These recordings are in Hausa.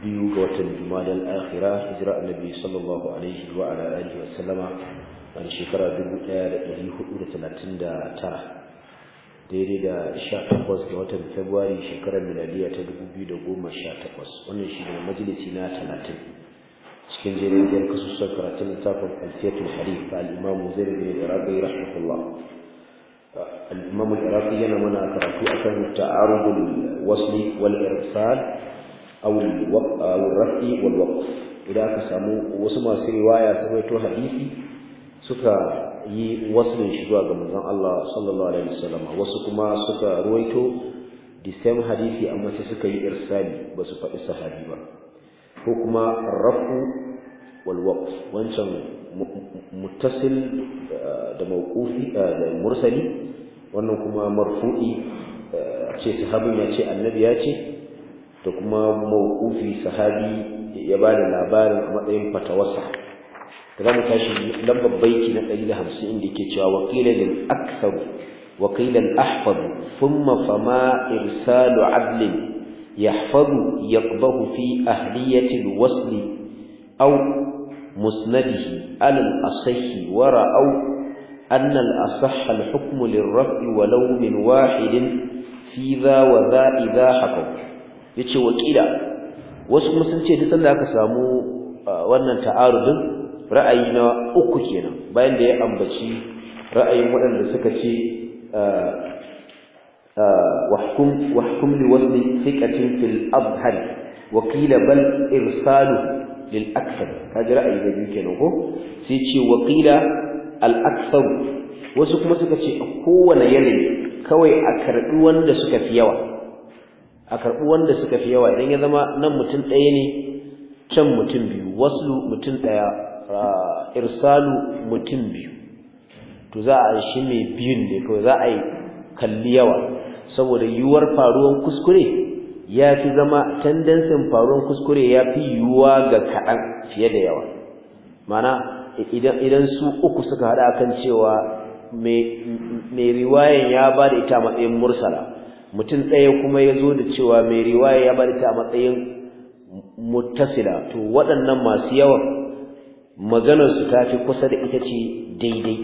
biyu ga watan Jumadal Akhira hijira Annabi sallallahu alaihi wa ala alihi wa sallama a shekara 1439 daidai da 18 ga watan February shekarar miladiya ta 2018 wannan shi ne majalisi na 30 cikin jirgin kasuwar karatun littafin Alfiyatul Harif ga al-Imam Zaid bin Rabi rahimahullah al-Imam al yana mana karatu akan ta'arudul wasli wal irsal awul rafi wal waqf idan aka samu wasu masu riwaya sun rawaito hadisi suka yi wasu shi zuwa ga manzon Allah sallallahu alaihi wasallam wasu kuma suka rawaito the same hadisi amma sai suka yi irsali ba su faɗi sahabi ba ko kuma rafu wal waqf wancan muttasil eh, da mawqufi eh, da mursali wannan kuma marfu'i eh, ce sahabi ya ce annabi ya ce da kuma mawqufi sahabi ya ba labarin a matsayin fatawarsa da zamu tashi lambar baiti na 150 yake cewa waqila lil akthar وقيل الأحفظ ثم فما إرسال عدل يحفظ يقبه في أهلية الوصل أو مسنده على الأصح ورأوا أن الأصح الحكم للرفع ولو من واحد في ذا وذا إذا حكم yace wakila wasu kuma sun ce duk sanda aka samu wannan ta'arudin ra'ayi na uku kenan bayan da ya ambaci ra'ayin waɗanda suka ce wahkum wahkum li wasli thiqatin fil wakila bal irsalu lil akthar kaji ra'ayi da biyu kenan ko sai ce wakila al akthar wasu kuma suka ce a kowane yanayi kawai a karɓi wanda suka fi yawa a karɓi wanda suka fi yawa idan ya zama nan mutum ɗaya ne can mutum biyu wasu mutum ɗaya irsalu mutum biyu to za a shi mai biyun ne kawai za a yi kalli yawa saboda yiwuwar faruwan kuskure ya fi zama tendensin faruwan kuskure ya fi yiwuwa ga kaɗan fiye da yawa mana idan su uku suka haɗa kan cewa mai riwayan ya ba da ita matsayin mursala mutum ɗaya kuma ya zo da cewa mai riwaya ya bari ta a matsayin muttasila to waɗannan masu yawan maganarsu ta fi kusa da ita ce daidai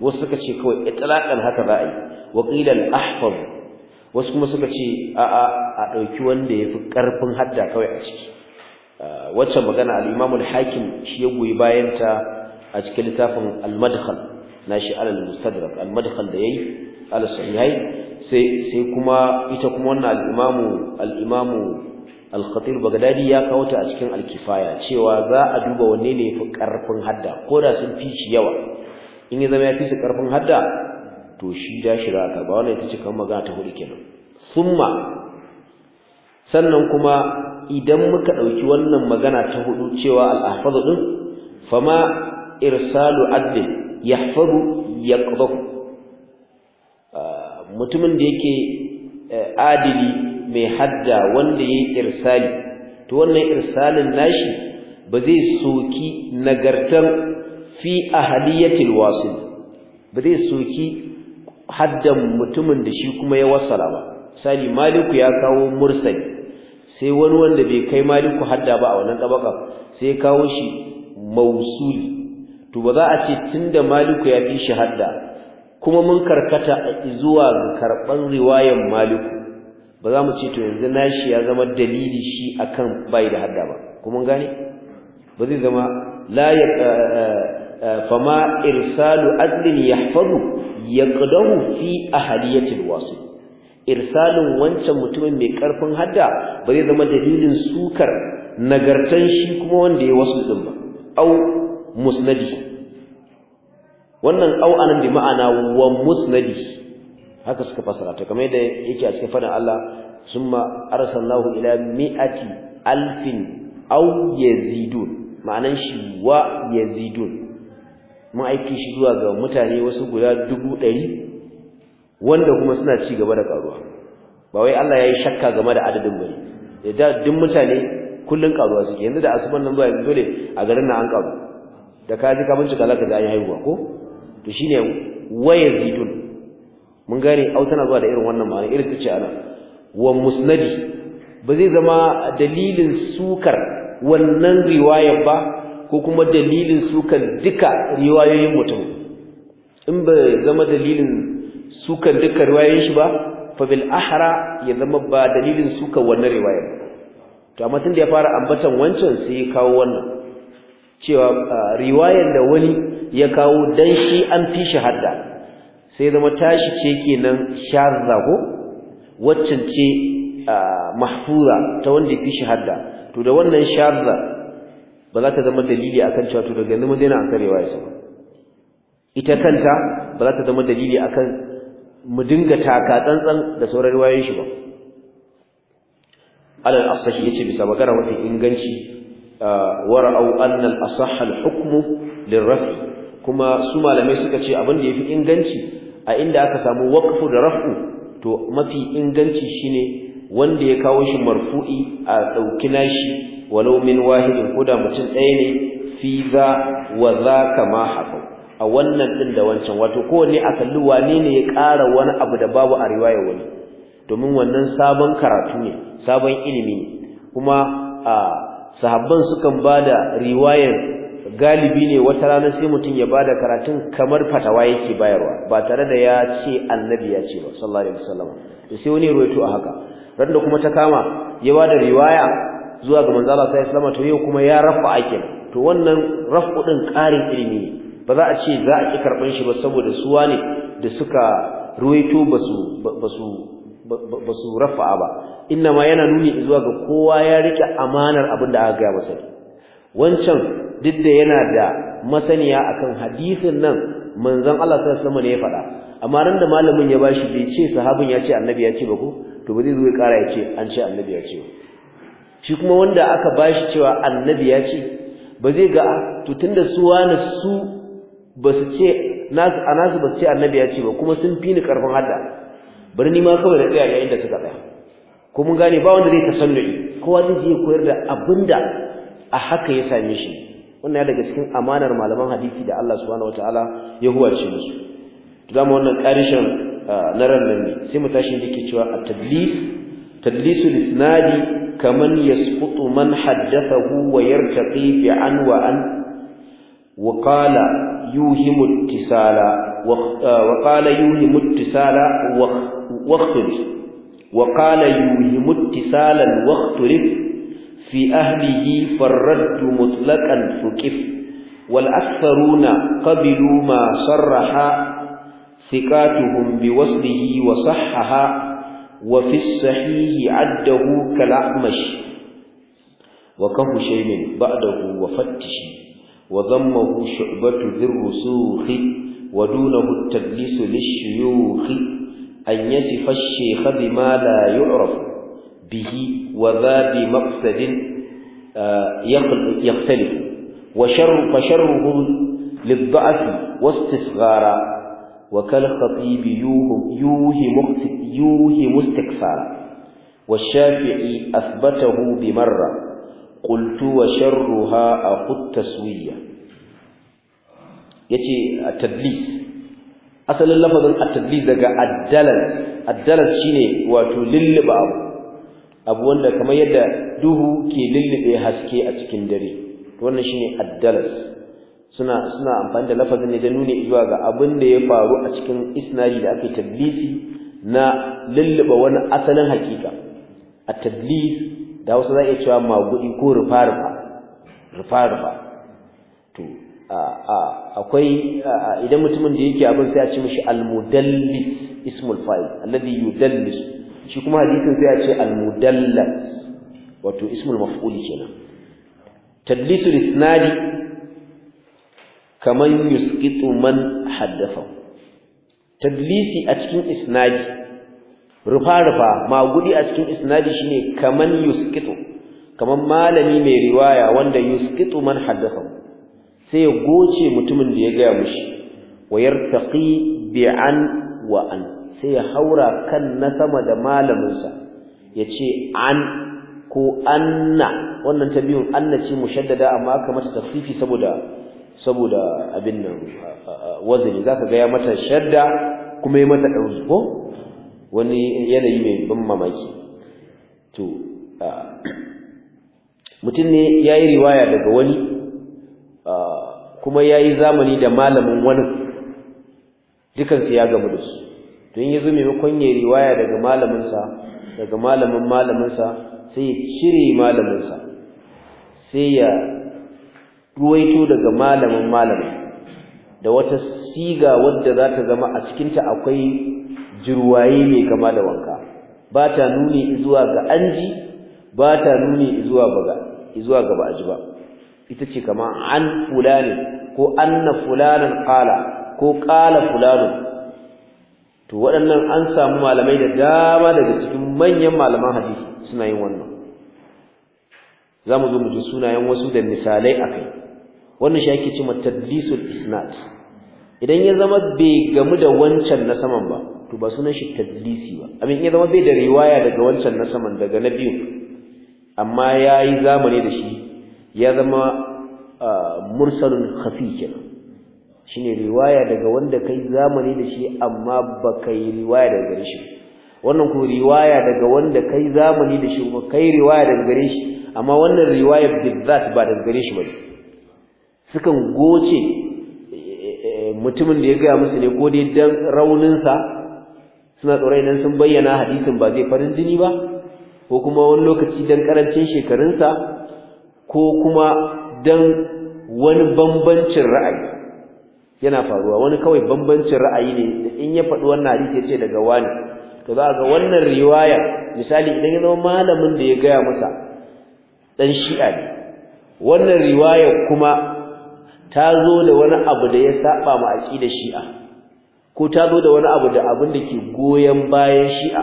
wasu suka ce kawai itlaqan haka za a yi wa qila wasu kuma suka ce a'a a ɗauki wanda ya fi ƙarfin hadda kawai a ciki wacce magana al hakim shi ya goyi bayanta a cikin littafin al-Madkhal nashi al-Mustadrak al-Madkhal da yayi al-Sahihai sai sai kuma ita kuma wannan al imam al imam al-khatib bagdadi ya kawo ta a cikin al-kifaya cewa za a duba wanne ne yafi karfin hadda ko da sun fi yawa in ya zama ya fi su karfin hadda to shi da shi ba wannan ita ce kan magana ta hudu kenan summa sannan kuma idan muka dauki wannan magana ta hudu cewa al-ahfazu din fama irsalu adl yahfazu yaqdhu mutumin da yake eh, adili mai hadda wanda yayi irsali to wannan irsalin nashi ba zai soki nagartar fi ahliyatil wasil ba zai soki haddan mutumin da shi kuma ya wasala ba Sani maliku ya kawo mursali sai wani wanda bai kai maliku hadda ba a wannan tabaka sai ya kawo shi mausuli to ba za a ce tunda maliku ya fi shi hadda kuma mun karkata zuwa ga karban riwayan maliku ba za mu ce to yanzu nashi ya zama dalili shi akan bai da hadda ba kuma gane ba zai zama la ya eh, eh, eh, fama irsalu adlin yahfazu yaqdahu fi ahliyatil wasi wancan mutumin mai karfin hadda ba zai zama dalilin sukar nagartan shi kuma wanda ya wasu din ba au musnadi wannan au'anan anan bi ma'ana wa musnadi haka suka fasara ta kamar yadda yake a cikin fadin Allah summa arsalnahu ila mi'ati alfin au yazidun ma'anan shi wa yazidun mun aiki shi zuwa ga mutane wasu guda dubu ɗari wanda kuma suna ci gaba da karuwa ba wai Allah ya yi shakka game da adadin bane da da duk mutane kullun karuwa suke yanzu da asuban nan zuwa dole a garin nan an karu da ka ji ka bincika zaka ga an haihuwa ko to shine wayazidun mun gane au tana zuwa da irin wannan ma'ana irin ta ce ana wa musnadi ba zai zama dalilin sukar wannan riwaya ba ko kuma dalilin sukan duka riwayoyin mutum in ba zama dalilin sukan duka riwayoyin shi ba fa bil ahra ya zama ba dalilin sukan wannan riwaya to amma tun da ya fara ambatan wancan sai ya kawo wannan cewa ah, riwayar da wani ya kawo dan shi an fi shi hadda sai zama tashi ce kenan sharza ko waccan ce mahfura ta wanda fi shi hadda to da wannan sharza ba za ta zama dalili akan cewa to daga nan madina an karewa ya ba. ita kanta ba za ta zama dalili akan mu dinga taka tsantsan da sauran riwayoyin shi ba alal asahi yace bisa magana wata inganci wara'au anna al asah al hukmu lirrafi kuma su malamai suka ce abin da yafi inganci a inda aka samu waqfu da raf'u to mafi inganci shine wanda ya kawo shi marfu'i a dauki nashi walau min wahidin koda mutum ɗaya ne fi za wa za kama haka a wannan din da wancan wato kowanne a kalli wane ne ya ƙara wani abu da babu a riwaya wani domin wannan sabon karatu ne sabon ilimi ne kuma a sahabban sukan bada riwayar galibi ne wata rana sai mutum ya bada karatun kamar fatawa yake bayarwa ba tare da ya ce annabi ya ce ba sallallahu alaihi wasallam sai wani ruwaito a haka randa kuma ta kama ya bada riwaya zuwa ga manzo Allah sallallahu alaihi wasallam to yau kuma ya rafa aikin, to wannan rafu din karin ilimi ne ba za a ce za a ki karban shi ba saboda suwa ne da suka ruwaito basu basu basu rafa ba inna ma yana nuni zuwa ga kowa ya rike amanar abin da aka ga masa wancan duk da yana da masaniya akan hadisin nan manzon Allah sallallahu alaihi wasallam ne ya faɗa amma ran da malamin ya bashi bai ce sahabin ya ce annabi ya ce ba ko to ba zai zo ya ƙara ya ce an ce annabi ya ce shi kuma wanda aka bashi cewa annabi ya ce ba zai ga ah, to tunda su wani su ba su ce nasu a nasu ba su ce annabi ya ce ba kuma sun fi ni karfin hadda bari ni ma kawai na tsaya yayin da suka tsaya ko mun gane ba wanda zai tasannu'i kowa zai je koyar da abinda a haka ya same shi wannan ya daga cikin amanar malaman hadisi da Allah subhanahu wataala ya huwace musu to zamu wannan karishin ah, na ranar ne sai mu tashi dake cewa at-tadlis tadlisul isnadi kaman yasqutu man haddathahu wa yartaqi bi an wa an wa qala yuhimu ittisala wa ah, qala yuhimu ittisala wa waqtul wa qala yuhimu ittisalan waqtul في أهله فالرد مطلقا فكف والأكثرون قبلوا ما صرح ثقاتهم بوصله وصحها وفي الصحيح عده كالأعمش وكهشيم بعده وفتش وضمه شعبة ذي الرسوخ ودونه التدليس للشيوخ أن يصف الشيخ بما لا يعرف bihi wa za bi maqsadin yaqtalif wa sharru fa sharruhu lidha'fi wastisghara wa kal khatibi والشافعي أثبته بمرة قلت وشرها أخو التسوية يتي التدليس asalin lafazin at-tadlis daga ad-dalas shine wato lilliba abu abu wanda kamar yadda duhu ke lullube haske a cikin dare wannan shine addalas suna suna amfani da lafazin ne da nuni zuwa ga abin da ya faru a cikin isnari da ake tablisi na lullube wani asalin hakika a tablis da wasu za a cewa magudi ko rufa-rufa to akwai idan mutumin da yake abin sai a ce mishi almudallis ismul fa'il alladhi yudallis shi kuma hadisin sai a ce al-mudallas wato ismul maf'ul kenan tadlisu isnadi kaman yusqitu man haddafa tadlisi a cikin isnadi rufa rufa magudi a cikin isnadi shine kaman yusqitu kaman malami mai riwaya wanda yusqitu man haddafa sai ya goce mutumin da ya ga mushi wayartaqi bi wa an sai ya haura kan na sama da malaminsa ya ce an ko anna wannan ta biyun anna ce mushaddada amma aka mata tafifi saboda saboda abin nan wazini zaka ga ya mata shadda kuma ya mata ɗauki ko wani yanayi mai ban mamaki to mutum ne ya yi riwaya daga wani kuma ya yi zamani da malamin wani dukansu ya gamu da su don ya mai makon ya riwaya daga malaminsa daga malamin malaminsa sai ya cire malaminsa sai ya ruwaito daga malamin malamin da wata siga wadda za ta zama a cikinta akwai jirwaye mai kama da wanka ba ta nuni zuwa ga anji ba ta nuni zuwa ga zuwa ga ba ji ba ita ce kama an fulani ko anna fulanan qala ko qala fulanun to waɗannan an samu malamai da dama daga cikin manyan malaman hadisi suna yin wannan za mu zo mu ji sunayen wasu da misalai a kai wannan shi ake cewa tadlisul isnad idan ya zama bai gamu da wancan na saman ba to ba sunan shi tadlisi ba amin ya zama bai da riwaya daga wancan na saman daga na biyu amma yayi zamani da shi ya zama ah, mursalun khafi shine riwaya daga wanda kai zamani da shi amma baka yi riwaya daga gare shi wannan ko riwaya daga wanda kai zamani da shi kuma kai riwaya daga gare shi amma wannan riwaya bizzat ba daga gare shi bane sukan goce eh, eh, mutumin da ya gaya musu ne ko dai dan raunin sa suna tsoron idan sun bayyana hadisin ba zai farin jini ba ko kuma wani lokaci dan karancin shekarunsa ko kuma dan wani bambancin ra'ayi yana faruwa wani kawai bambancin ra'ayi ne in ya faɗi wannan hadisi yace daga wani to za ga wannan riwaya misali idan ya zama malamin da ya gaya masa dan shi'a ne wannan riwaya kuma ta zo da wani abu da ya saba ma aqidar shi'a ko ta zo da wani abu da abin da ke goyen bayan shi'a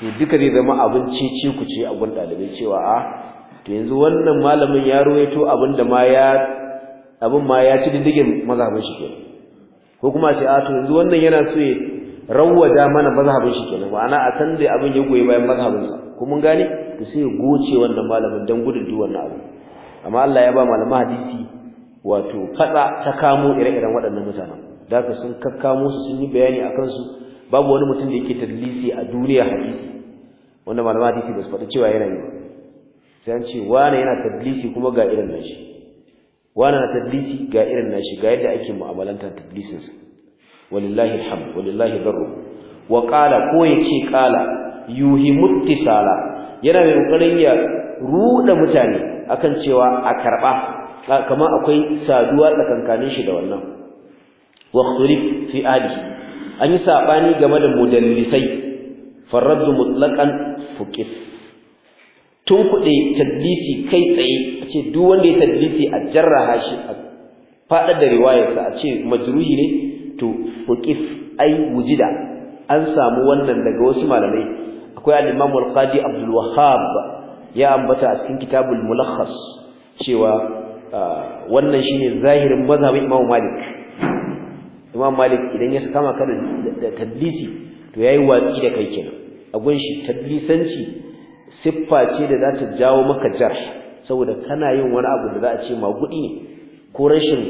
to duka zai zama abin cici ku ce a gun dalibai cewa a ah, to yanzu wannan malamin ya ruwaito abin da ma ya abin ma ya ci diddigin mazhabin shi kenan ko kuma ce a to yanzu wannan yana so ya rawwada mana mazhabin shi kenan ma'ana a san da abin ya goyi bayan mazhabin sa ko mun gane to sai ya goce wannan malamin dan gudun duk wannan abu amma Allah ya ba malama hadisi wato fada ta kamo ire-iren waɗannan mutanen da su sun kakkamo su sun yi bayani akan su babu wani mutum da yake tadlisi a duniya hadisi wanda malama hadisi ba su faɗi cewa yana yi sai an ce wane yana tadlisi kuma ga irin shi wani na tadlisi ga irin nashi ga yadda ake mu'amalantar tadlisin sa walillahi alhamd walillahi darru wa qala ko yace qala yuhimu muttisala yana mai kokarin ya ruda mutane akan cewa a karba kamar akwai saduwa tsakankanin shi da wannan wa fi ali an yi sabani game da mudallisai farraddu mutlaqan fuqif tun kuɗe tadlisi kai tsaye a ce duk wanda ya tadlisi a jarraha shi a faɗa da riwayarsa a ce majruhi ne to waqif ai wujida an samu wannan daga wasu malamai akwai al-Imam al-Qadi Abdul Wahhab ya ambata a cikin kitabul mulakhas cewa wannan shine zahirin mazhabin Imam Malik Imam Malik idan ya kama kana da tadlisi to yayi watsi da kai kenan a gun shi tadlisanci siffa ce da za ta jawo maka jar saboda kana yin wani abu da za a ce gudi ne ko rashin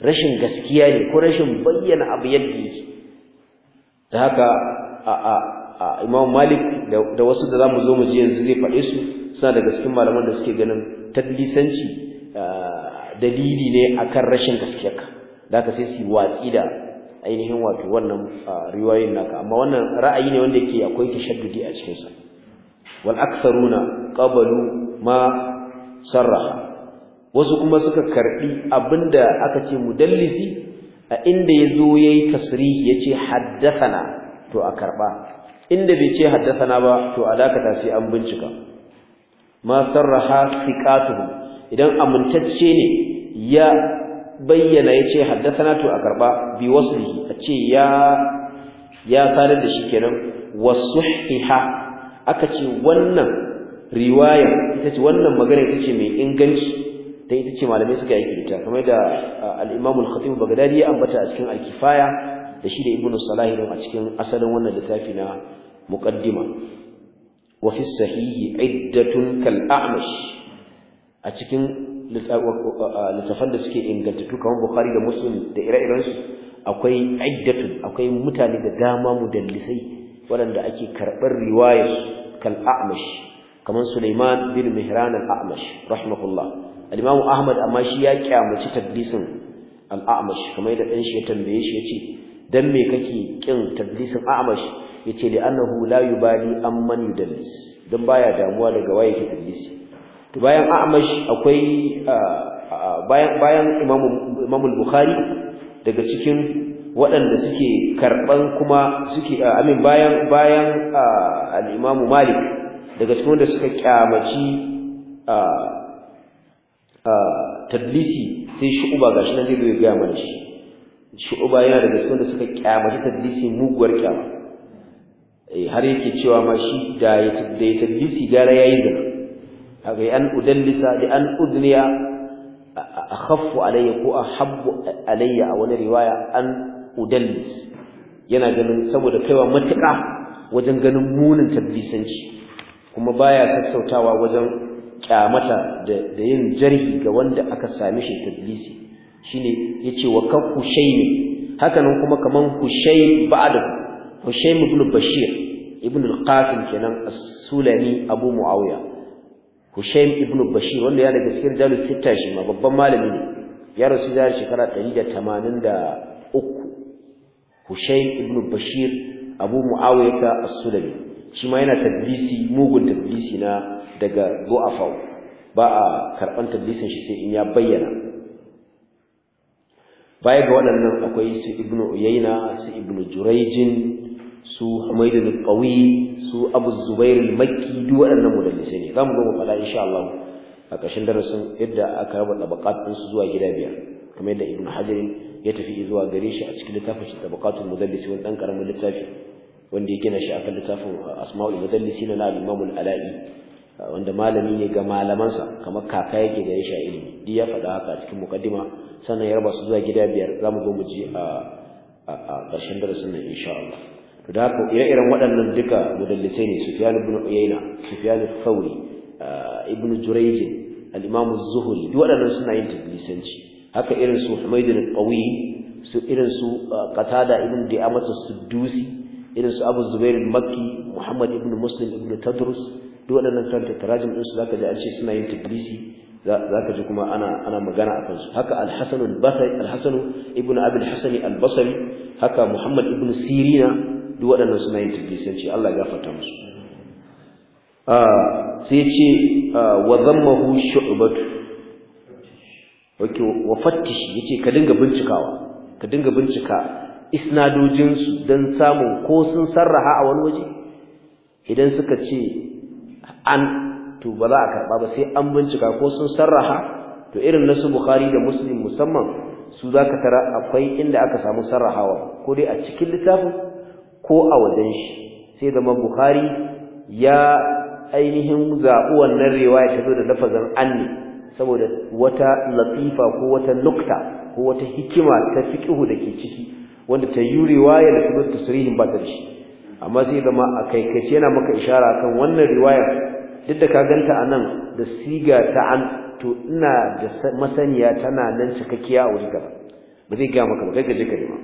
rashin gaskiya ne ko rashin bayyana abu yadda yake da haka a a Imam Malik da wasu da zamu zo mu ji yanzu zai faɗe su suna daga cikin malaman da suke ganin tadlisanci dalili ne akan rashin gaskiyarka da haka sai su watsi da ainihin wato wannan riwayoyin naka amma wannan ra'ayi ne wanda yake akwai tashaddudi a cikin sa wal aktharuna ƙabalu ma sarraha wasu kuma suka karɓi abinda aka ce mu dallifi. a inda yazo yayi tasrihi ce haddasana, to a karɓa, inda bai ce haddasana ba to alakata sai an bincika ma sarraha thiqatuhu idan amintacce ne ya bayyana yace haddasana, to a karba bi wasli a ce ya sanar da shi kenan wasuhiha aka ce wannan riwaya ita ce wannan magana ita ce mai inganci ta ita ce malamai suka yi ta kamar da al-Imam al-Khatib Baghdadi ya ambata a cikin al-Kifaya da shi da Ibn Salah a cikin asalin wannan littafi na muqaddima wa fi sahihi iddatun kal a'mash a cikin littafan da suke ingantattu kamar Bukhari da Muslim da ire-irensu akwai iddatun akwai mutane da dama mudallisai waɗanda ake karɓar riwayar kal'amash kamar Sulaiman bin Mihran al'amash rahimahullah al Ahmad amma shi ya kyamaci tadlisin al'amash kamar da ɗan shi ya tambaye shi ya ce, dan me kake kin tadlisin a'amash yace li annahu la an amman yudallis Don baya damuwa daga waye ke tadlisi to bayan a'amash akwai ah, ah, bayan bayan bukhari daga cikin waɗanda suke karɓan kuma suke amin bayan bayan al-Imam Malik daga cikin wanda suka kyamaci tadlisi sai shu'uba gashi nan zai zo ga mana shi shu'uba yana daga cikin wanda suka kyamaci tadlisi muguwar kyama eh, har yake cewa ma shi da ya tadlisi gara yayi a haka an udallisa da an udniya akhaffu alayya ko a habbu alayya a wani riwaya an udallis yana ganin saboda kaiwa matuƙa wajen ganin munin tabbisanci kuma baya sassautawa wajen kyamata da yin jarhi ga wanda aka sami shi tabbisi shine yace wa kan hushayni hakanan kuma kaman kushay ba'da hushaym ibn bashir ibn al-qasim kenan as-sulami abu muawiya Hushaim ibn Bashir wanda ya daga cikin jalus sita shi ma babban malami ne ya rasu da shekara 183 Hushayn ibn Bashir Abu Muawiyah as-Sulami shi ma yana tadlisi mugun tadlisi na daga du'afa ba a karban tadlisin shi sai in ya bayyana baya ga waɗannan akwai su ibn Uyayna su ibn Jurayjin su Humayd ibn qawi su Abu Zubair al-Makki duk waɗannan mudallisai ne zamu ga mu insha Allah a ƙarshen darasin yadda aka raba tabaqat su zuwa gida biyar kamar yadda Ibn Hajar ya tafi zuwa gare shi a cikin littafin shi tabaqatul mudallis wani dan karamin littafi wanda ya gina shi akan littafin uh, asma'ul mudallisin na al-imam al-ala'i uh, wanda malami ne ga malamansa kamar kaka yake gare shi a ilimi duk ya faɗa haka a cikin muqaddima sannan ya raba su zuwa gida biyar zamu zo mu ji a uh, a ƙarshen darasin nan insha Allah to da haka ire-iren waɗannan duka mudallisai ne Sufyan ibn Uyayna Sufyan al-Thawri ibn Jurayj al-Imam az-Zuhri duk waɗannan suna yin tadlisanci haka irin su Humaydin al-Qawi su irin su uh, Qatada ibn Di'amat as-Suddusi irin su Abu Zubair al-Makki Muhammad ibn Muslim ibn Tadrus duk waɗannan kan tarajim din su zaka ji an ce suna yin tadrisi zaka ji kuma ana ana magana a kansu haka al-Hasan al-Basri al-Hasan ibn Abi al-Hasan al-Basri haka Muhammad ibn Sirina duk waɗannan suna yin tadrisi ce Allah ya gafarta musu uh, sai ce uh, wa dhammahu shu'batu wake wa fattishi yace ka dinga bincikawa ka dinga bincika isnadojin su dan samun ko sun sarraha a wani waje idan suka ce an to ba za a karba ba sai an bincika ko sun sarraha to irin nasu bukhari da muslim musamman su zaka tara akwai inda aka samu sarrahawa ko dai a cikin littafin ko a wajen shi sai zama bukhari ya ainihin zaɓi wannan riwaya ta zo da lafazin anni saboda wata latifa ko wata nukta ko wata hikima ta fiqhu dake ciki wanda ta yi riwaya da kuma tasrihin ba ta shi amma sai zama a kai yana maka ishara kan wannan riwaya duk da ka ganta anan da siga ta an to ina da masaniya tana nan cikakkiya a wurin gaba ba zai ga maka ba kai ka ma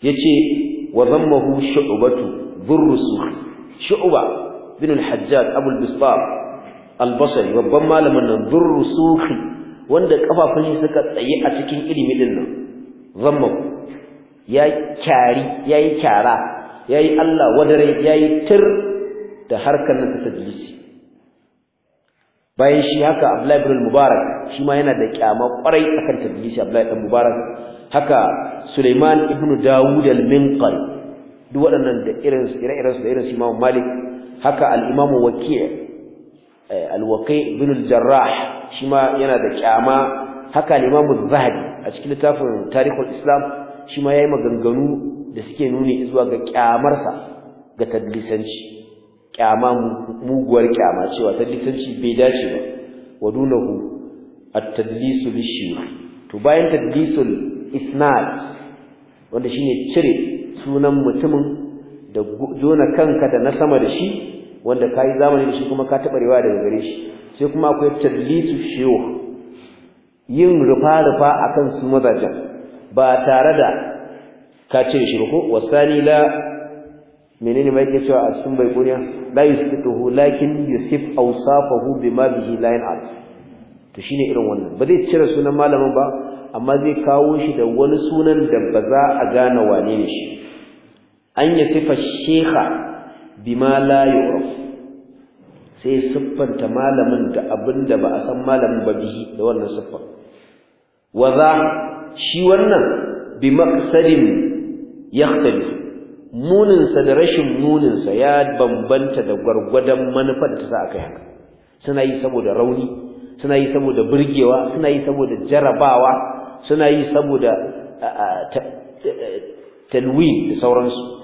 yace wa zammahu shu'batu dhurrusu shu'ba bin al-hajjaj abul bisbab albasari babban malamin nan durru wanda kafafun shi suka tsaye a cikin ilimi din nan zamma ya kyari yayi kyara yayi Allah wadare yayi tir da harkar nan ta tadlisi bayan shi haka Abdullahi ibn Mubarak shi ma yana da kyama kwarai akan tadlisi Abdullahi ibn Mubarak haka Sulaiman ibn Dawud al-Minqal duk waɗannan da irin su ire-iren su da irin su Imam Malik haka al-Imam Waqi' Eh, alwaqi Bin al-jarrah shi ma yana da kyama haka limamu a cikin littafin tarihul islam shi ma yi maganganu da suke nuni zuwa ga ƙyamarsa ga tadlisanci kyama muguwar kyama cewa tadlisanci bai dace ba wadunahu at-tadlisu lish to bayan tadlisul isnad wanda shine cire sunan mutumin da jona kanka da na sama da shi wanda ka yi zamani da shi kuma ka taba rewa daga gare shi sai kuma akwai tadlisu shewa yin rufa-rufa akan su mazajan. ba tare da ka ce shi ko wasani la menene mai ke cewa a cikin bai kuriya la yusfiquhu lakin yusif awsafahu bima bihi la yan'al to shine irin wannan ba zai cire sunan malamin ba amma zai kawo shi da wani sunan da ba za a gane wane ne shi an yasifa sheha bima la yu'raf sai siffanta malamin da abinda ba a san malamin ba bihi da wannan siffar wa shi wannan bi maqsadin yakhtali munin sa da rashin munin sa ya bambanta da gargwadan manufar da ta sa yi haka suna yi saboda rauni suna yi saboda burgewa suna yi saboda jarabawa suna yi saboda talwin da sauransu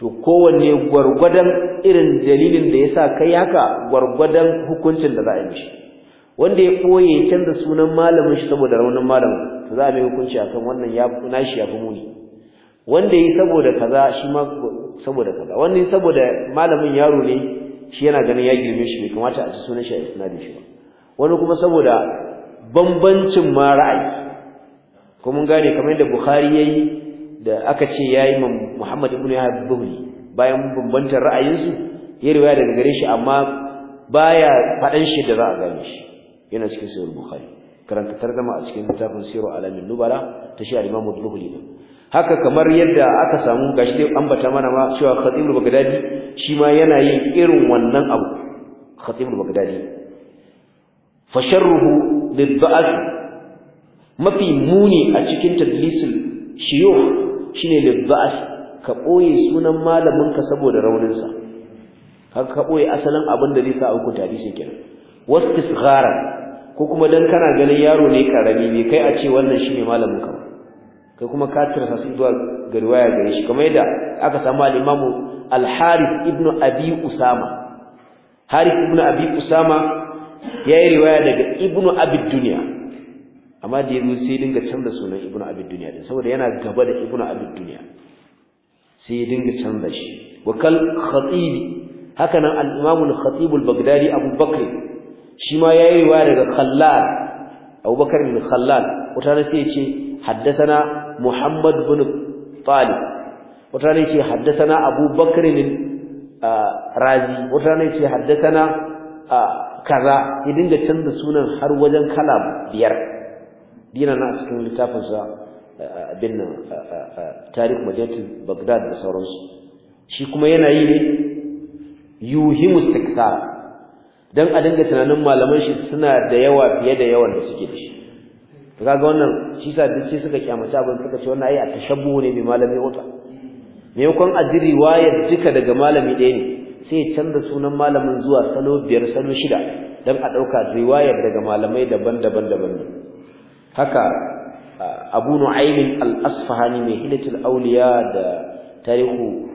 to kowanne gwargwadon irin dalilin da yasa kai haka gwargwadon hukuncin da za a yi mishi wanda ya ɓoye canza sunan malamin shi saboda raunin malamin to za a mai hukunci akan wannan ya nashi ya fi muni wanda yi saboda kaza shi ma saboda kaza wanda yi saboda malamin yaro ne shi yana ganin ya girme shi bai kamata a ci sunan shi a da shi ba wani kuma saboda bambancin ma ra'ayi ko mun gane kamar yadda Bukhari yayi da aka ce yayi Muhammad ibn Yahya Bukhari bayan bambantar ra'ayinsu ya riwaya daga gare shi amma baya fadan shi da za a gane shi yana cikin sahih Bukhari karanta tarjuma a cikin littafin Siru Alamin Nubala ta shi al-Imam Bukhari haka kamar yadda aka samu gashi dai ambata mana ma cewa Khatibul Baghdadi shi ma yana yin irin wannan abu Khatibul Baghdadi fa sharruhu lil mafi muni a cikin tadlisul shuyukh shine libba'as ka boye sunan malaminka saboda rauninsa kaga ka ɓoye asalin abin da zai sa auku tarihi kenan wastisghara ko kuma dan kana ganin yaro ne karami ne kai a ce wannan shine malamin ka kai kuma ka tirsa su zuwa ga riwaya gare shi kamar yadda aka samu al-Imam al-Harith ibn Abi Usama Harith ibn Abi Usama yayi riwaya daga Ibn Abi Dunya amma da yazo sai dinga canza sunan ibnu abid dunya din saboda yana gaba da ibnu abid dunya sai ya dinga canza shi wa kal khatib haka nan al-imam al-khatib al-baghdadi abu bakr shi ma yayi riwaya daga khallal abu bakr bin khallal wata ne sai ya ce haddathana muhammad bin talib wata ne ce haddathana abu bakr bin razi wata ne ce haddathana kaza ya dinga canza sunan har wajen kala biyar dina na cikin littafin sa eh, abin nan eh, eh, tarihi madinatul bagdad da sauransu shi kuma yana yi ne yuhimu istiksar dan a dinga tunanin malaman shi suna da yawa fiye da yawan da suke da shi ga wannan shi sa duk sai suka kyamata abin suka ce wannan ai a tashabbu ne bi malami wata maimakon a ji riwayar duka daga malami ɗaya ne sai ya canza sunan malamin zuwa salo biyar salo shida dan a ɗauka riwayar daga malamai daban-daban daban ne haka abu nu'aymin al-asfahani mai hilatul auliya da tarihu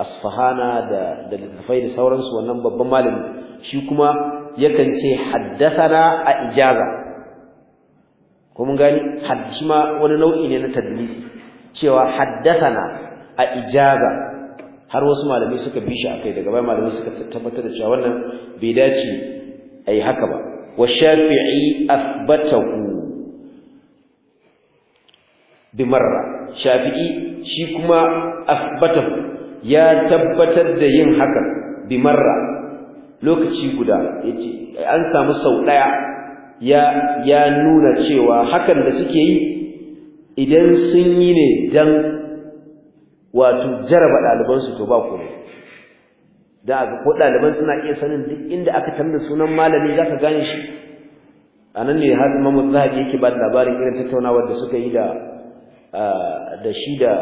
asfahana da da littafai da sauransu wannan babban malami shi kuma yakan ce haddathana a ijaza ko mun gani hadisi ma wani nau'i ne na tadlisi cewa haddathana a ijaza har wasu malamai suka bi shi akai daga bayan malamai suka tabbatar da cewa wannan bai dace ai haka ba wa shafi'i athbatahu bimarra shafi'i shi kuma asbatahu ya tabbatar da yin haka bimarra lokaci guda yace an samu sau daya ya ya nuna cewa hakan da suke yi idan sun yi ne dan wato jaraba ɗalibansu to ba ko da ga ko ɗaliban suna iya sanin duk inda aka canza sunan malami zaka gane shi a nan ne har imamu zahabi yake ba labarin irin tattaunawar da suka yi da da shi da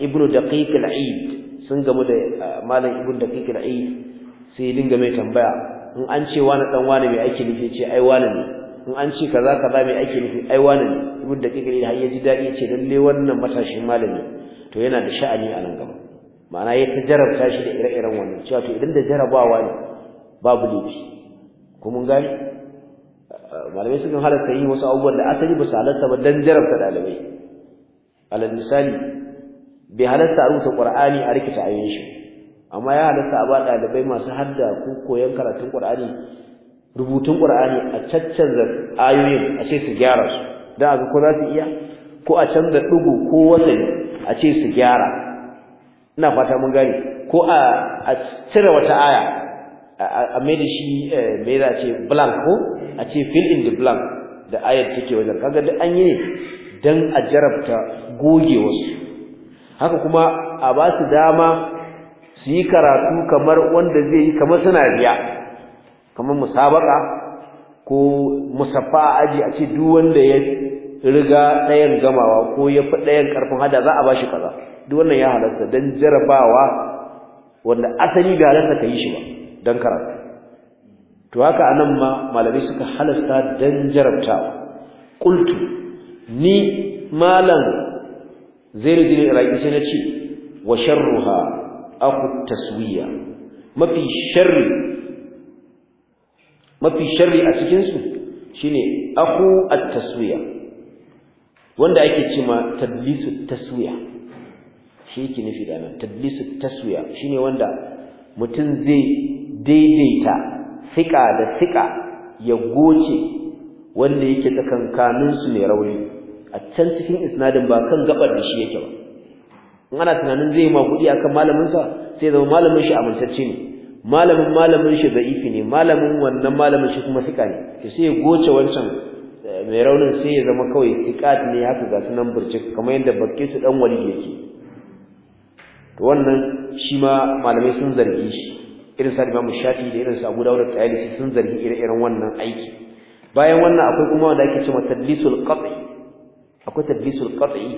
ibnu daqiq al-eid sun gamu da malam ibnu daqiq al-eid sai dinga mai tambaya in an ce wani dan wani mai ake nufi ce ai wani ne in an ce kaza kaza mai ake nufi ai wani ne ibnu daqiq al aid har ya ji dadi ce le wannan matashin malami to yana da sha'ani a nan gaba ma'ana ya jarabta shi da ire-iren wannan cewa to idan da jarabawa ne babu laifi ko mun gani malamai sukan halatta yi wasu abubuwan da asali ba su halatta ba dan jarabta dalibai alal misali bai halatta a rubuta qur'ani a rikita ayoyin shi amma ya halatta a ba ɗalibai masu hadda ko koyon karatun qur'ani rubutun qur'ani a caccanza ayoyin a ce su gyara su da aka ko za su iya ko a canza dugu ko wasani a ce su gyara ina fata mun gane ko a a cire wata aya a mai da shi eh, mai za a ce blank ko a ce fill in the blank da ayar take wajen kaga duk an yi ne dan a jarabta goge wasu haka kuma a ba su dama su yi karatu kamar wanda zai yi kamar suna biya kamar musabaka ko musaffa a aji a ce duk wanda ya riga ɗayan gamawa ko ya fi ɗayan ƙarfin hada za a ba shi kaza duk wannan ya halasta don jarabawa wanda asali ga halasta ka yi shi ba don karatu to haka anan ma malamai suka halasta don jarabta kultu ni malam zainuddin raƙi sai na ce wa sharruha aku taswiya mafi sharri mafi sharri a cikin su shine aku at-taswiya wanda ake cewa tadlisu taswiya shi yake nufi da nan tadlisu taswiya shine wanda mutum zai daidaita fika da fika ya goce wanda yake tsakankanin su mai rauni a can cikin isnadin ba kan gabar da shi yake ba in ana tunanin zai ma kudi akan malamin sa sai zama malamin shi amintacce ne malamin malamin shi da'ifi ne malamin wannan malamin shi kuma fika ne to sai ya goce wancan eh, mai raunin sai ya zama kawai fiqat ne haka ga sunan burcik kamar yadda bakke su dan wali yake to wannan shi ma malamai sun zargi shi irin sa Imam Shafi da irin sa Abu Dawud da sun zargi ire-iren wannan aiki bayan wannan akwai kuma wanda ake cewa tadlisul qat'i akwai tadlisul qat'i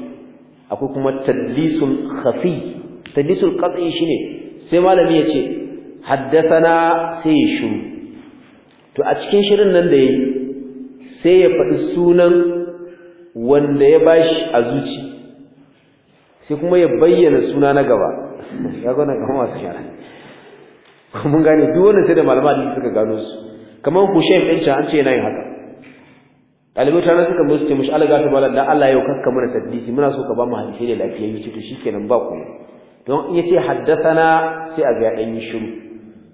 akwai kuma tadlisul khafi tadlisul qat'i shine sai malami yace haddathana sai shiru to a cikin shirin nan da yayi sai ya faɗi sunan wanda ya bashi a zuci sai kuma ya bayyana suna na gaba ya gona kuma masu yara mun gane duk wanda sai da din suka gano su kamar Hushaym ɗin can an ce yana yin haka ɗalibai tare nan suka musu ce mushi alaga ta malam dan Allah yau kakka mana tadisi muna so ka ba mu hadisi ne lafiya yi to shikenan ba ku don in yace haddathana sai a ga dan yi shiru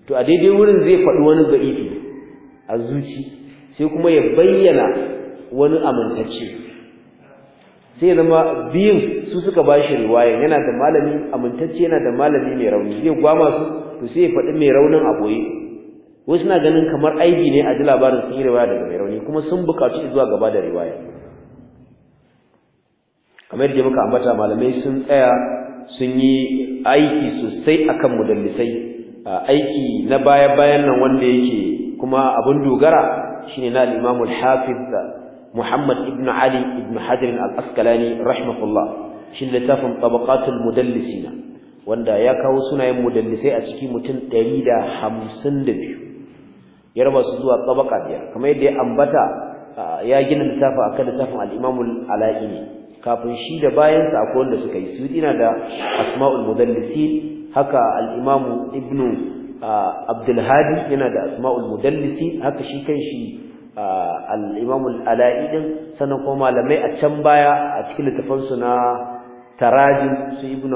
to a daidai wurin zai faɗi wani da'ifi a zuci sai kuma ya bayyana wani amintacce sai zama biyun su suka ba shi riwaya yana da malami amintacce yana da malami mai rauni zai gwama su to sai ya faɗi mai raunin a boye wasu na ganin kamar aibi ne a ji labarin sun yi riwaya daga mai rauni kuma sun buƙaci zuwa gaba da riwaya kamar yadda muka ambata malamai sun tsaya sun yi aiki sosai akan mudallisai aiki na baya bayan nan wanda yake kuma abin dogara shine na al-Imam al-Hafiz Muhammad ibn Ali ibn Hajar al-Asqalani rahimahullah shi littafin tabaqatul mudallisina wanda ya kawo sunayen mudallisai a cikin mutum 152 ya raba su zuwa tabaka biyar kamar yadda ya ambata ya gina littafin akan littafin al-Imam al kafin shi da bayan a akwai wanda suka yi su dina da Asma'ul Mudallisin haka al ibnu Ibn yana da Asma'ul Mudallisin haka shi kanshi shi imam al-Ala'i din sanan kuma malamai a can baya a cikin littafansu na Tarajim su Ibn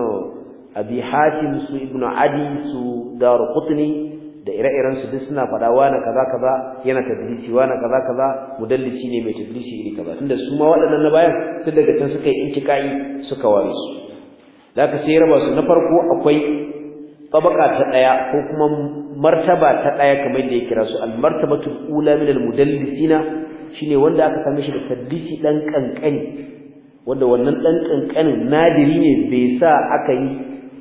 Abi Hatim su ibnu Adi su Daruqutni da ire-iren su duk suna faɗa wani kaza kaza yana wa wani kaza kaza mudallisi ne mai tadlisi iri kaza tunda su ma waɗannan na bayan tun daga can suka yi intiqai suka ware su zaka sai raba su na farko akwai tabaka ta ɗaya, ko kuma martaba ta ɗaya kamar da ya kira su al-martabatul ula min al-mudallisina shine wanda aka same shi da tadrisi ɗan kankani wanda wannan dan kankanin nadiri ne bai sa aka yi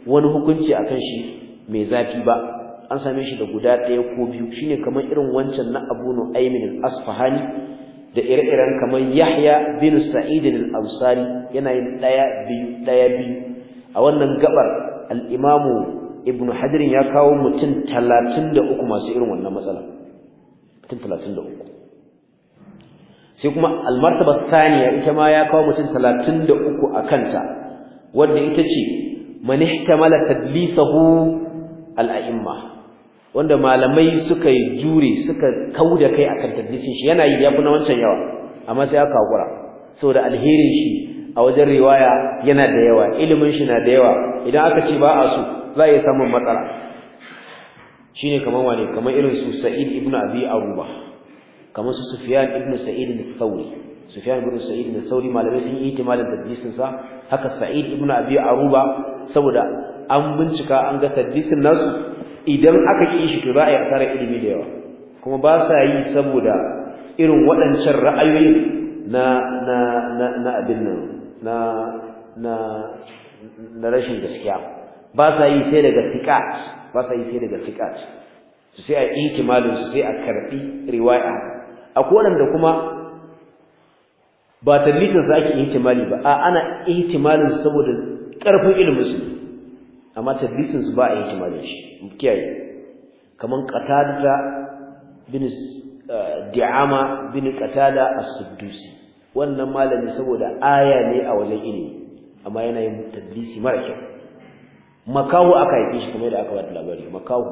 wani hukunci akan shi mai zafi ba an same shi da guda ɗaya ko biyu shine kamar irin wancan na Abu Nu'aym al-Asfahani da ire-iren kamar Yahya bin Sa'id al-Ansari yana yin ɗaya biyu ɗaya biyu a wannan gabar al-Imamu Ibn Hajar ya kawo mutum 33 masu irin wannan matsala mutum 33 sai kuma al-martaba thaniya ita ma ya kawo mutum 33 akanta wanda ita ce man ihtamala tadlisahu al-a'imma wanda malamai suka yi jure suka kauda kai akan tadlisin shi yana yi yafi na wancan yawa amma sai aka hakura saboda alherin shi a wajen riwaya yana da yawa ilimin shi na da yawa idan aka ce ba a su za a iya samun matsala shine kamar wane kamar irin su Sa'id ibn Abi Aruba kamar su Sufyan ibn Sa'id al-Thawri Sufyan ibn Sa'id al-Thawri malamai sun yi itimalin tadlisin sa haka Sa'id ibn Abi Aruba saboda an bincika an ga tadlisin nasu idan aka ki shi to za a yi ilimi da yawa kuma ba sa yi saboda irin waɗancan ra'ayoyi na na na na abin nan na na na rashin gaskiya ba sa yi sai daga fiqat ba sa yi sai daga fiqat su sai a yi ikimalin su sai a karbi riwaya akwai wanda kuma ba tallitin za ki kimali ba a ana kimalin saboda karfin ilimin su amma tadlisin su ba a yi kima da shi kiyaye kaman qatada bin eh, di'ama bin qatada as-suddusi wannan malami saboda aya ne a wajen ilimi amma yana yin tadlisi mara kyau makahu aka yi shi kamar da aka bada labari makahu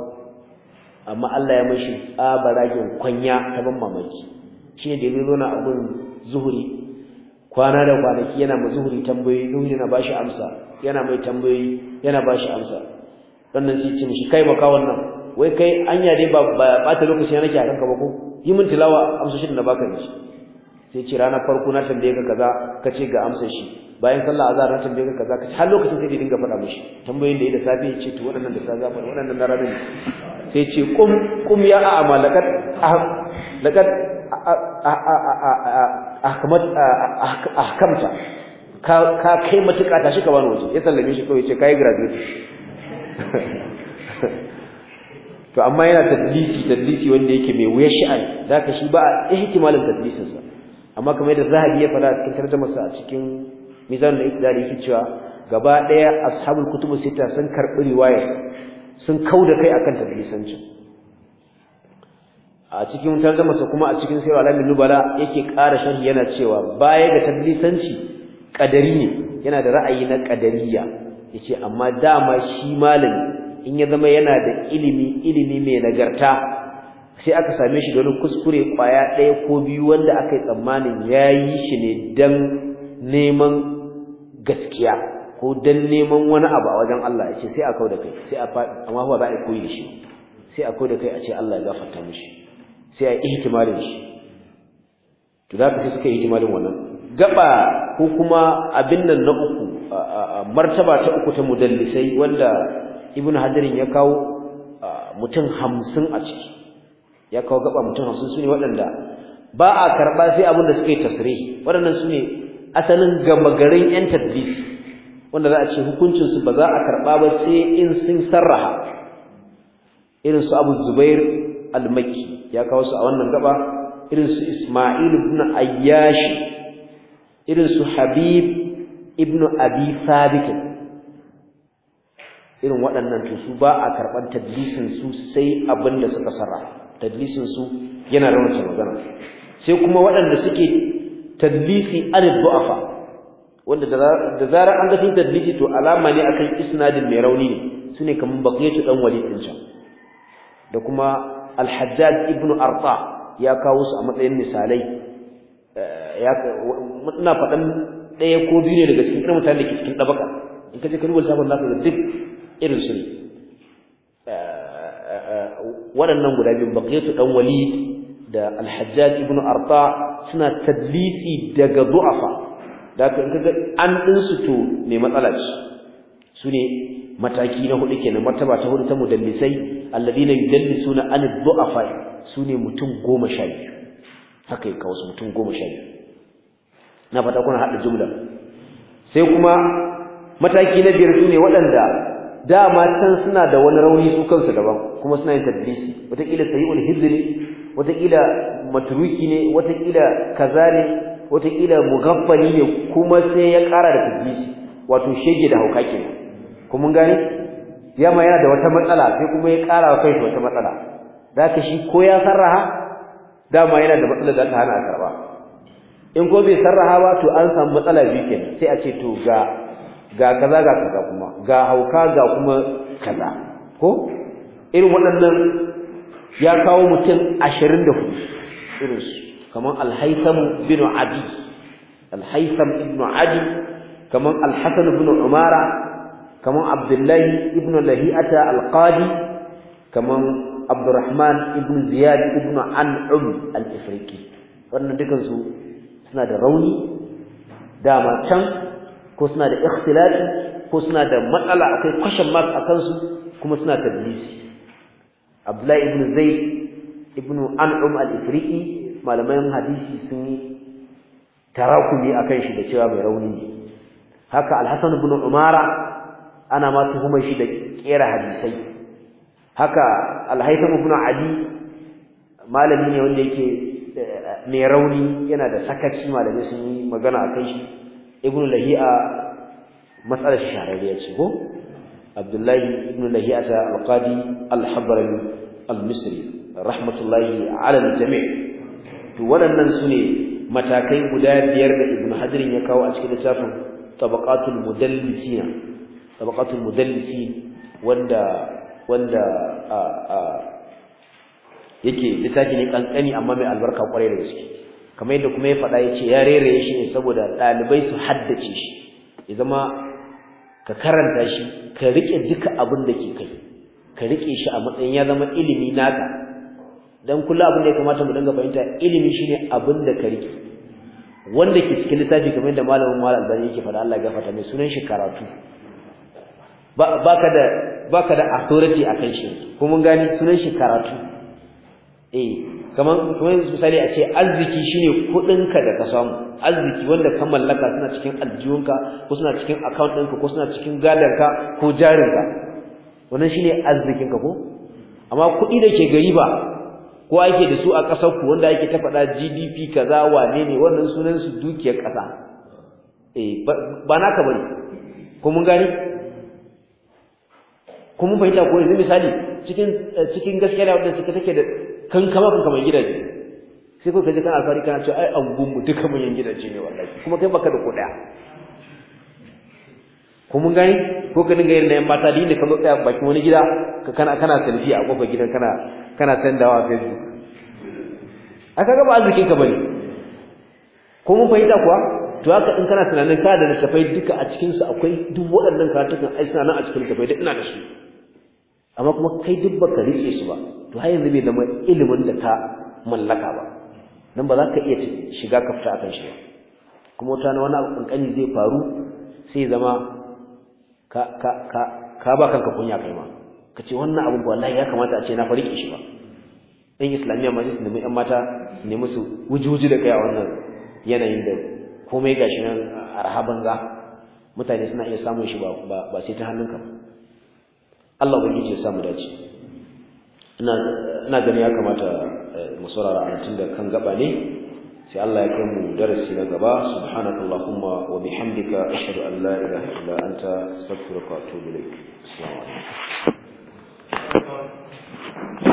amma Allah ya mashi tsabaragen kwanya ta ban mamaki shi da ya zo na abun zuhuri kwana da kwanaki yana ma zuhuri tambayoyi zuhuri na bashi amsa yana mai tambayoyi yana ba shi amsa sannan sai ce mishi kai baka wannan wai kai anya dai ba bata lokaci nake a kanka ba ko yi min tilawa amsoshin da baka yi sai ce ranar farko na tambaye ka kaza ka ce ga amsa shi bayan sallah azhar na tambaye ka kaza ka ce har lokacin sai dinga faɗa mishi tambayoyin da ya da safe ya ce to waɗannan da safe faɗa waɗannan na ranar sai ce kum kum ya a'ama laqad laqad ahkamta ka kai matuƙa ta shi ka bani waje ya sallame shi kawai ce kai graduate to amma yana tadlisi tadlisi wanda yake mai wuyar sha'ani ka shi ba a ihtimalin hikimalin sa amma kamar yadda zahabi ya fara cikin tarjumarsa a cikin mizan da ikdari yake cewa gaba daya ashabul kutubu sita sun karɓi riwaya sun kauda kai akan tadlisancin a cikin tarjumarsa kuma a cikin sayyid alamin nubala yake ƙara sharhi yana cewa baya ga tadlisanci kadari ne yana da ra'ayi na kadariya yace amma dama shi malami in ya zama yana da ilimi ilimi mai nagarta sai aka same shi da wani kuskure kwaya ɗaya ko biyu wanda aka yi tsammanin yayi shi ne dan neman gaskiya ko dan neman wani abu a wajen Allah yace sai a kauda kai sai a faɗi amma ba za a koyi shi sai a kauda kai a ce Allah ya gafarta mishi sai a ihtimalin shi to za ka sai suka yi ihtimalin wannan gaba ko kuma abin nan na uku martaba ta uku ta mudallisai wanda ibnu hadarin ya kawo mutum hamsin a ciki ya kawo gaba mutum hamsin su ne waɗanda ba a karɓa sai abin da suka yi tasiri waɗannan su asalin gama garin yan tadbis wanda za a ce su ba za a karɓa ba sai in sun sarraha irin su abu zubair al-makki ya kawo su a wannan gaba irin su isma'il ibn ayyashi irin su habib ibnu abi thabit irin waɗannan to su ba a karɓar tadlisin su sai abin da suka sarra tadlisin su yana raunta magana sai kuma waɗanda suke tadlisi alif du'afa wanda da zarar an ga sun tadlisi to alama ne akan isnadin mai rauni ne sune kaman baqiyatu dan walid din da kuma al-hajjaj ibnu arta ya kawo su a matsayin misalai Eh, ya ina faɗan ɗaya ko biyu ne daga cikin irin mutane da ke cikin ɗabaka in ka je ka rubuta sabon naka duk irin su ne eh, eh, waɗannan guda biyu baqiyatu dan walid da alhajaji hajjaj ibn arta suna tadlisi daga du'afa da in kaga an din su to me matsala ce su ne mataki na hudu kenan martaba ta hudu ta mudallisai alladina yudallisuna an du'afa su ne mutum goma sha biyu haka ya kawo su mutum goma sha biyu na fata kuna haɗa jumla sai kuma mataki na biyar su ne waɗanda dama can suna da wani rauni su kansu daban kuma suna yin tabbisi. wataƙila sayi'ul hizri ne wataƙila maturuki ne wataƙila kaza ne wataƙila mugaffali ne kuma sai ya ƙara da tabbisi, wato shege da hauka ke kuma gane yamma yana da wata matsala sai kuma ya ƙara wa kai wata matsala Za ka shi ko ya sarraha dama yana da matsalar da ta hana karba in ko bai sarraha ba to an samu matsala biyu kenan sai a ce to ga ga kaza ga kaza kuma ga hauka ga kuma kaza ko irin waɗannan ya kawo mutum 24 irin su kaman al-haytham bin abi al-haytham ibn abi kaman al-hasan ibn umara kaman abdullahi ibn lahi'ata al-qadi kaman Abdurrahman ibn Ziyad ibn An'um al-Ifriqi wannan dukan su suna da rauni dama can ko suna da ikhtilafi ko suna da matsala akwai question mark akan su kuma suna tadlisi Abdullah ibn Zaid ibn An'um al-Ifriqi malaman hadisi sun yi tarakumi akan shi da cewa mai rauni ne haka al-Hasan ibn Umara ana ma tuhumar shi da kera hadisai haka alhaitham ibn ali malami ne wanda yake eh, mai rauni yana da sakaci malami sun yi magana akan kai shi ibn lahi'a matsalar shahararriya ce ko abdullahi ibn lahi'a ta alqadi al-habrani al-misri rahmatullahi ala al to waɗannan su ne matakai guda biyar da ibn hadrin ya kawo a cikin littafin tabaqatul mudallisina tabaqatul mudallisin wanda wanda a a yake litafi ne kankani amma mai albarka kwarai da gaske kamar yadda kuma ya faɗa ya ce ya rere shi ne saboda ɗalibai su haddace shi ya zama ka karanta shi ka riƙe duka abin da ke kai ka riƙe shi a matsayin ya zama ilimi naka dan kullu abin da ya kamata mu dinga fahimta ilimi shine abin da ka riƙe wanda ke cikin littafi kamar yadda malamin Malam Albani yake faɗa Allah ya gafarta mai sunan shi karatu ba ka da baka da authority kan shi ko mun gani sunan shi karatu eh kaman kuma misali a ce arziki shine ka da ka samu arziki wanda ka mallaka suna cikin aljiyunka ko suna cikin account ɗinka ko suna cikin ka ko ka wannan shine arzikinka ko amma kuɗi da ke gari ba ko ake da su a ƙasar ku wanda ake ta faɗa GDP kaza wane ne wannan sunan su dukiyar ƙasa eh ba naka bane ko mun gani kuma fahimta ko yanzu misali cikin eh, cikin gaskiya da wadda suka take da kankama kamar gidaje sai ko je kan alfari kana cewa ai an gumbu duka mun yan gidaje ne wallahi kuma kai baka da ko daya ko mun gani ko ka dinga yin da yan mata da inda ka zo tsaya bakin wani gida ka kana kana selfie a kofar gidan kana kana sandawa a facebook a kaga ba arzikin ka bane ko mun fahimta kuwa to haka in kana tunanin ka da littafai duka a cikin su akwai duk waɗannan karatukan ai suna nan a cikin littafai da ina da su amma kuma kai duk baka rike su ba to har yanzu bai zama ilimin da ta mallaka ba nan ba za ka iya shiga ka fita akan shi ba kuma wata wani abu kankani zai faru sai zama ka ka ka ba kanka kunya kai ma ka ce wannan abu wallahi ya kamata a ce na farike shi ba dan islamiyya ma sai nemi yan mata ne musu wujuji da kai a wannan yanayin da komai gashi nan arhaban za mutane suna iya samun shi ba ba sai ta hannunka ba Allah ubangiji ya samu dace ina ina gani ya kamata eh, mu saurara a da kan gaba ne sai Allah ya kai mu darasi na gaba subhanakallahumma wa bihamdika ashhadu an la ilaha illa anta astaghfiruka wa atubu ilaik assalamu alaikum